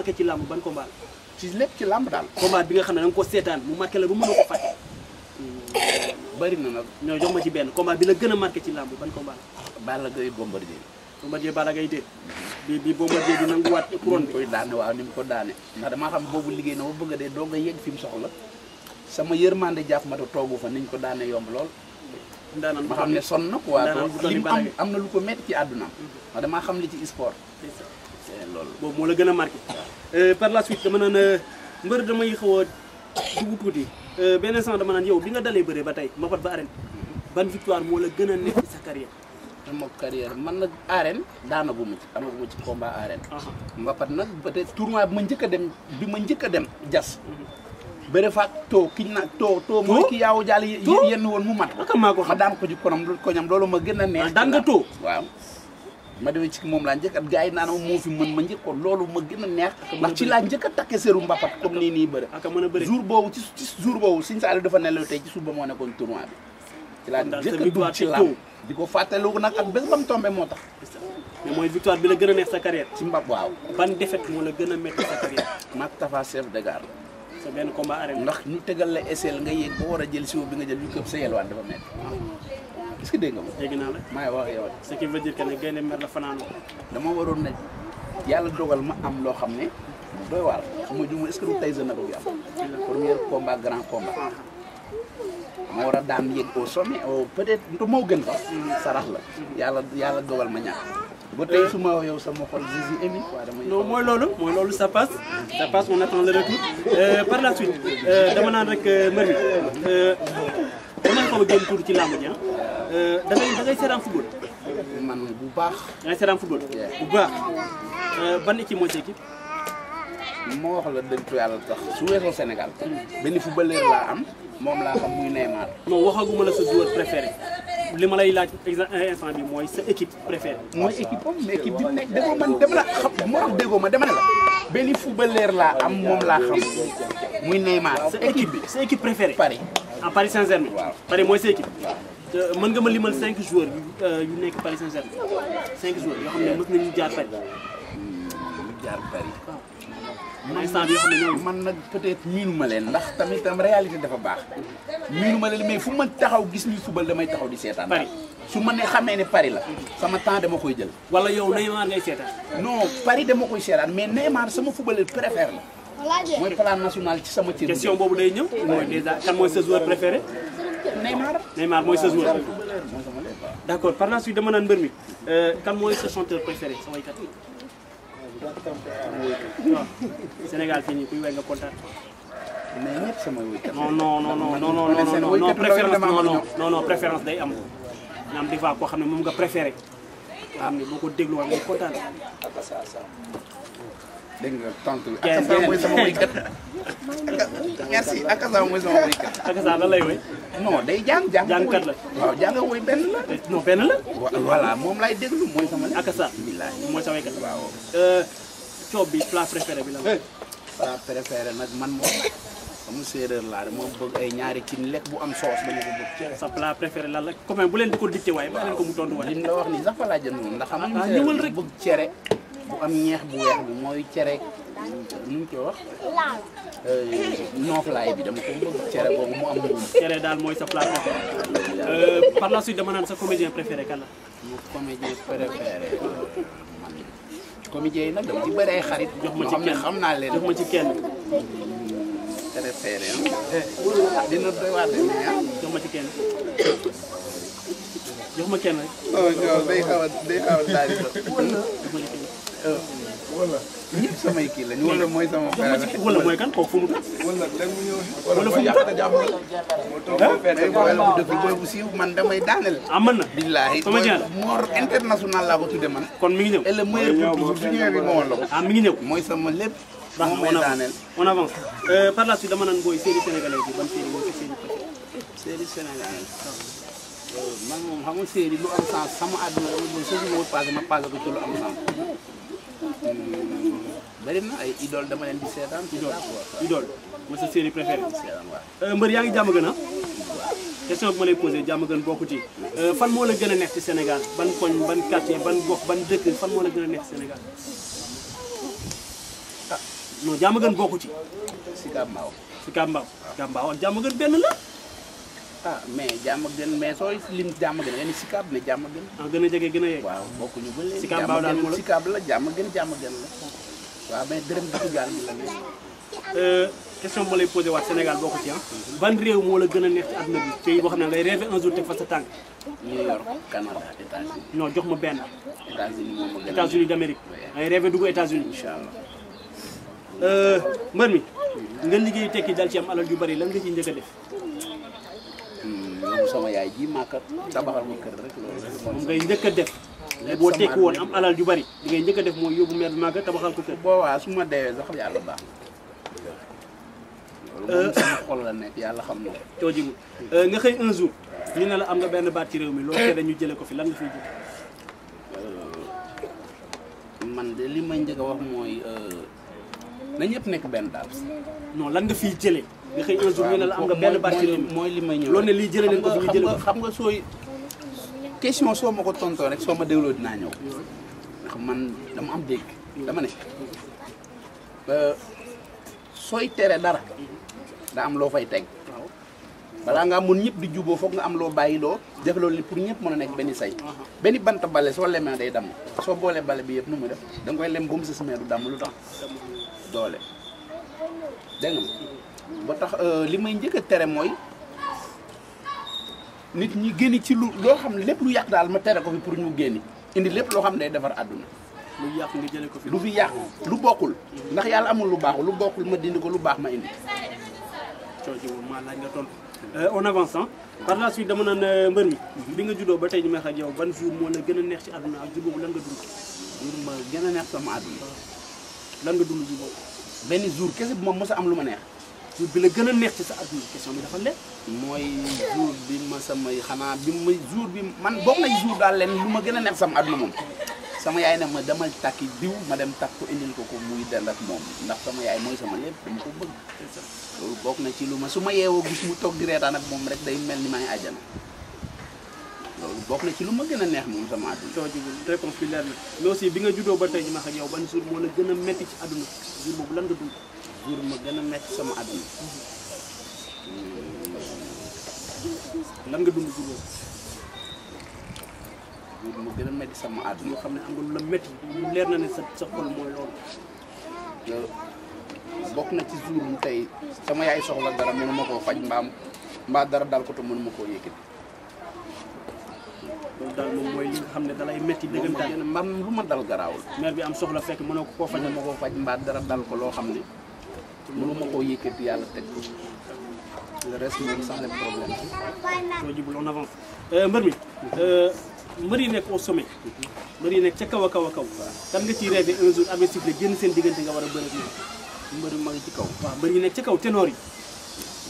marqué ci làmb ban combat ci lépp ci làmb daal. combat bi nga xam ne da nga ko seetaan mu marqué la bu mën a ko fàtte. Hmm. bari na nag. ñoo jox ma ci benn combat bi la gën a marqué ci làmb ban combat la. Balla Gaye Bombardier. Bombardier Balla Gaye de. bi bi Bombardier bi nanguwaat couronne bi. koy daane waaw ni mu ko daane. ndax damaa xam boobu liggéey na ba bëgg a dee doo nga yegg fi mu soxla sama yërmande jàpp ma te toogu fa niñ ko daane yomb lool. daanaka ma xam ne sonn na waa daanaka li mu am am na ko métti ci àddunaam. Mhm. damaa xam li ci sport. Eh, loolu boobu moo la gën a marqué. Euh, par la suite dama naan euh, mbër damay xaw a dugg tuuti euh, benn instant dama naan yow bi nga dalee bëre ba tey mbapat ba arène ban victoire moo la gën a nekk sa carrière. man nag arène daanaguma ci amaguma ci combat arène. mbapat nag peut-être tournoi bi ma njëkk a dem bi ma njëkk a dem jas. Mhm. bëre faak too ki na too too mooy ki yaaw jaal yenn woon mu mat. maa ko xam ma daan ko ci konam ko loolu ma gën a neex. daan nga too waaw. ma demee ci moom laa njëkk gaay gars yi naan moo fi mën ma njëkkoon loolu ma gën a neex ndax ci laa njëkk a takke seeru mbapat comme nii nii bëri jour boobu ci jour boobu Sëñ Saliou dafa nelaw tey ci suba moo nekkoon tournoi bi ci laa njëkk a dugg ci làmb di ko fàttaliku nag ak bés ba mu tombé moo tax mooy victoire bi la gën a neex sa carrière ci mbab waaw ban défaite moo la gën a métti sa carrière maak Tafa chef de gare sa benn combat arène ndax ñu tegal la esel nga yéeg boo a jël siwo bi nga jël yu këpp sa yelwaan dafa est-ce que dégg nga ma. dégg naa la maa ngi wax yow ce qui veut dire que gaynde mer la fanaanoo. dama waroon ne yàlla dogal ma am loo xam ne mu doy waar su ma juumee est du tey sa naka bi am. premier combat grand combat. ma war a daan yéeg au sommet peut-être du moo gën fa sarax la. yàlla yàlla dogal ma ñàkk. ba tey su ma yow sama xol gis yi émi. mooy loolu mooy loolu ça passe. ça passe on attend le retour. Euh, par la suite euh, dama naan rek euh, mbër mi. ko gën ci làmb Euh, da ngay da ngay football. bu baax. da ngay football. Euh, ban équipe mooy sa équipe. wax la dëgg yàlla tax su weesoo Sénégal. benn footballeur laa am moom laa xam muy Neymar. non la sa li ma lay laaj euh, bi mooy sa équipe préférée. mooy équipe am mais bi mu la am moom laa xam muy Neymar. sa équipe bi sa Paris ah germain Paris mooy sa équipe. man nga ma limal 5 joueurs yu euh, nek Paris Saint-Germain 5 joueurs yo xamné mëna ñu jaar Paris. jaar Paris. man instant bi xamné man nak peut-être minu ma len ndax tamit tam réalité dafa baax. minu ma len mais fu ma taxaw gis ñu football damay taxaw di seetaan. Paris su ma né xamé né Paris la. sama temps dama koy jël. wala yow Neymar ngay seetaan. non Paris dama koy seetaan mais Neymar sama footballeur préféré la. moy plan national ci sama. tir question bobu day ñëw. moy déjà kan moy sa joueur préféré. D'accord. Neymar mooy par la suite euh, chanteur préféré Sénégal non, kuy non, non, non non non non non non non non. non non non non Non, non, non, non. Non, non, non, non. dégg nga tontu bi akasa mooy sama woykat merci akasa mooy sama woykat akasa lan lay woy non day jàng jàng jàngkat la waaw jàng woy benn la non benn la voilà moom lay déglu mooy sama akasa mooy sa woykat waaw euh, coob bi plat préféré bi la plat préféré nag man moom amu séeréer laa de moom bëgg ay ñaari cin lekk bu am soos ba ñu ko bëgg sa plat préféré lan la comme bu leen di ko dicté waaye ba leen ko mu tontu waaye li la wax nii sax fa laa jënd moom ndax am ah, ñëwal rek bëgg cere bu am ñeex bu weex bi mooy cere nu mu ci wax. Euh, nooflaay bi dama ko bëgg cere boobu mu am moom. cere daal mooy sa plat préféré. Euh, par la suite dama naan sa comédien préféré kan la. mu comédien préféré comédien yi nag dama ci bëri xarit. jox ma ci kenn xam naa leen jox ma ci kenn. préféré ah. dina doy waar jox ma ci kenn. jox ma kenn rek. Oh, day xaw a day xaw a daal di wala kii lañ wala mooy sama frère wala mooy kan kooku fu mu dëkk wala fu mu dëkk jàpp man damay daaneel ah mën na billaahi sama kon mi ngi ñëw et le meilleur pour su ñëwee bi ko ah mi ngi ñëw mooy sama lépp mooy euh, série série euh, man moom xam nga lu am sens sama àdduna dama bëgg soo ma ma passé ko ci am sens bari na ay idol dama yang di idol idol mo sa série préférée seetaan waaw mbër yaa ngi question ma lay posé jàmm gën bokku ci fan la ci Sénégal ban koñ ban quartier ban gox ban dëkk fan moo la gën a ci Sénégal gën ci si Gambaaw si Gambaaw Gambaaw gën la ah mais jàmm ak gën mais sooy lim jàmm ak gën yéen sikaab ne jàmm gën. ah gën a jege gën a yegg. waaw bokkuñu ba léegi sikaab baaw daal moom la sikaab la jàmm ak gën jàmm gën la. mais dërëm dëkk gaal mi la nekk. Euh, question bi bokku ci ah. ban réew moo la gën a neex ci àdduna bi pays boo xam ne ngay rêvé jox ma benn. États-Unis moom moo gën a. États-Unis d'Amérique. allah. Euh, mbër mi. nga liggéey tekki daal ci am alal yu bari lan nga ciy njëkk def yóbbu sama yaay ji màkka tabaxal ma kër moom ngay njëkk a def boo tekki woon am alal yu bari li ngay njëkk a def mooy yóbbu mère bi màkka tabaxal ko kër boobaa su ma deewee sax yàlla baax la nekk yàlla xam na coo euh, nga xëy un jour ñu ne la am nga benn baat ci réew mi loolu dañu jële ko fi lan nga fiy jël euh, man de li may njëkk a wax mooy euh, na ñëpp nekk benn daal non lan nga fiy jëlee nga xëy un ne la am nga benn Barthélémy mooy li may ñëw loolu ne lii jëlee leen ko xam nga sooy question soo ma ko tontoo rek soo ma dégloo dinaa ñëw ndax man dama am dégg dama ne sooy tere dara da am loo fay teg balaa ngaa mun ñëpp di juboo foog nga am loo bàyyi loo def loolu ni pour ñëpp mën a nekk benn say benn bant bale soo lemee day damm soo boolee bale bi yëpp nu mu def danga koy lem ba mu sës mais du damm lu tax doole dégg nga ba tax euh, li may njëkk a tere mooy nit ñi génn ci lu loo xam ne lu yàq daal ma tere ko fi pour ñu génn indi lépp lo xam ne day defar àdduna. lu yàq nga jëlee ko fi lu fi yàq lu bokul ndax yalla amul lu bax lu bokul ma dindi ko lu bax ma indi. coono ma la nga tontu. en euh, avançant par la suite dama naan euh, mbeur mi. Mhm. bi nga juddoo ba tay ñu may xaj yow ban jour mo la gën neex ci aduna ak jour boobu lan nga dund. jour ma gën neex sama aduna lan nga dund jour ben jour kese bu ma mos am luma neex jour bi la gën a neex ci sa adduna question bi dafa leer mooy jour bi ma samay xanaa bi ma jour bi man jour neex sama adduna mom. sama yaay ne ma demal takki diw ma dem takk ko indil ko ko muy ak ndax sama yaay mooy sama lépp dama ko bëgg loolu bokk na ci lu ma su ma yeewoo gis mu toog di ak rek day na ci neex sama adduna soo jubul réponse bi leer bi nga juddoo ba tey ma ak yow ban jour la ci jour lan nga dund jur ma gën a metti sama àdduna hmm. lan nga dund jur jur ma gën a metti xam ne am nga la metti lu leer na ne sa sa xol mooy loolu bokk na ci jurum tey sama yaay soxla dara mënu ma koo faj mbaam mbaa dara dal ko te mënu ma koo yëkkati loolu daal moom mooy li nga xam ne dalay metti dëggantaan mbaam lu ma dal garaawul mère bi am soxla fekk mënoo ko koo faj ma koo faj mbaa dara dal ko loo xam ne mënu ma koo yëkkati yàlla teg ko le reste moom sax le problème soo jubul on avance euh, mbër mi euh, mbër yi nekk au sommet mbër yi nekk ca kaw a kaw a kaw kan nga ciy rêvé un jour amee sifflet génn seen diggante nga war a bëreet ñoom mbër ma ngi ci kaw waaw mbër yi nekk ca kaw ténor yi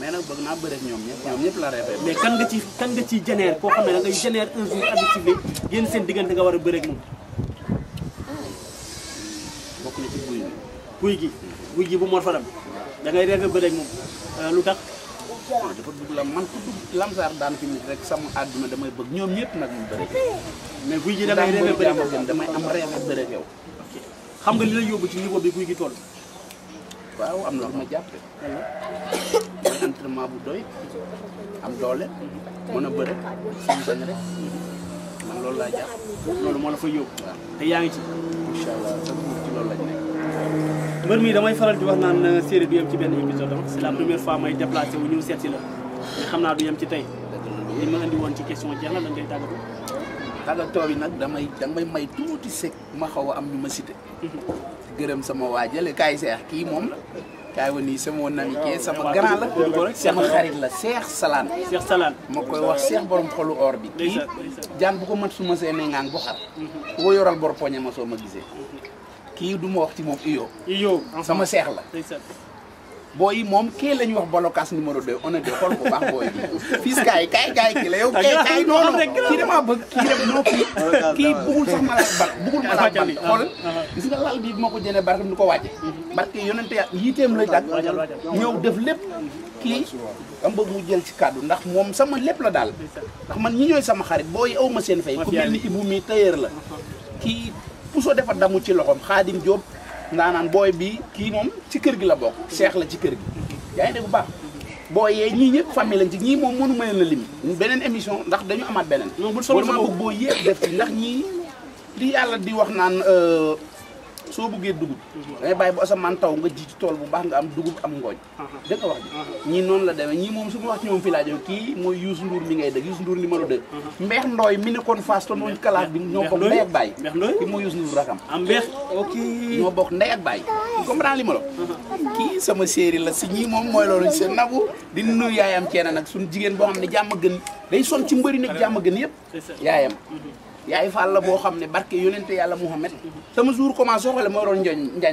mais nag bëgg naa bëreet ñoom ñëpp ñoom ñëpp la rêvé mais kan nga ci kan nga ciy génère koo xam ne da ngay génère un jour amee sifflet génn seen diggante nga war a bëreet moom bokk na ci guy gi guy gi guy gi bu mor faram da ngay rêvé moom euh, lu tax ah dafa la man ku dugg lamsaar daan fi nit rek sama àdduna damay bëgg ñoom ñëpp nag ñu bëre mais guy gi damay rêvé bëre ak yow damay am rêvé bëre ak xam nga li la yóbbu ci niveau bi guy gi toll waaw am na ma jàpp mooy entraînement bu doy doole a bëre suñu bañ man loolu laa jàpp loolu moo la fa yóbbu te yaa ngi ci incha allah ci loolu lañ nekk mbir mi damay faral di wax naan euh, série du yem ci benn épisode dama c'est la première fois may déplacé wu ñëw seet si la mais xam naa du yem ci tey li ma andi woon ci question jeex na dañ koy tàggatoo tàggatoo bi nag damay damay may tuuti sec ma xaw a am ñu ma cité mhm. gërëm sama waajale kaay seex kii moom la kaay wa sama woon nami kee sama grand la sama xarit la seex salaan seex salaan ma koy wax seex borom xolu or bi kii jaan bu ko mat su ma see bu xar mhm. ku yoral bor poñe ma soo ma gisee mhm. kii du ma wax ci moom Iyo. sama seex la. booy yi moom kii la ñu wax bolokaas numéro 2 on est deux xool bu baax booy yi. fii kaay kii la yow. kaay kaay non non kii damaa bëgg kii dem non kii. kii bëggul sax ma laal ban bëggul ma laal ban xool. Ah, ah. gis nga lal bii ma ko jëndee mhm. barke du ko wàcce. barke yonente ya yiiteem lay tàgg. ñëw def lépp kii. am bëgg mu jël ci kàddu ndax moom sama lépp la daal. ndax man ñi ñooy sama xarit booy yi aw ma seen fay. ku mel ni Ibou mi tailleur la ki puso dafa damu ci loxoom xaadim Diop naan booy bi kii moom ci kër gi la bokk seex la ci kër gi yaa ngi dégg bu baax boo yee ñii ñëpp famille lañ ci ñii moom mënu ma leen a lim beneen émission ndax dañu amaat beneen wala ma bëgg boo yéeg def ci ndax ñii li yàlla di wax naan euh, soo bëggee dugub dangay bàyyi bu asamaan taw nga ji ci tool bu baax nga am dugub am ngooñ dëgg nga wax ñii noonu la demee ñii moom suñu wax ci ñoom fii laa kii mooy Youssou Ndour mi ngay dëgg Youssou Ndour numéro 2 mbeex ndooy mi nekkoon Fass te mooy kalaas bi ñoo bokk ndey ak bàyyi kii mooy Youssou Ndour rakam am mbeex ok bokk ndey ak bàyyi comprendre li kii sama séeri la si ñii moom mooy loolu seen nagu di nuyu yaayam ceena nag suñu jigéen boo xam ne jàmm gën day son ci mbëri nekk jàmm gën yëpp yaayam yaay Fall la boo xam ne barke yonente yàlla Muhammad sama jour commencé xoolee moo doon njañ njañ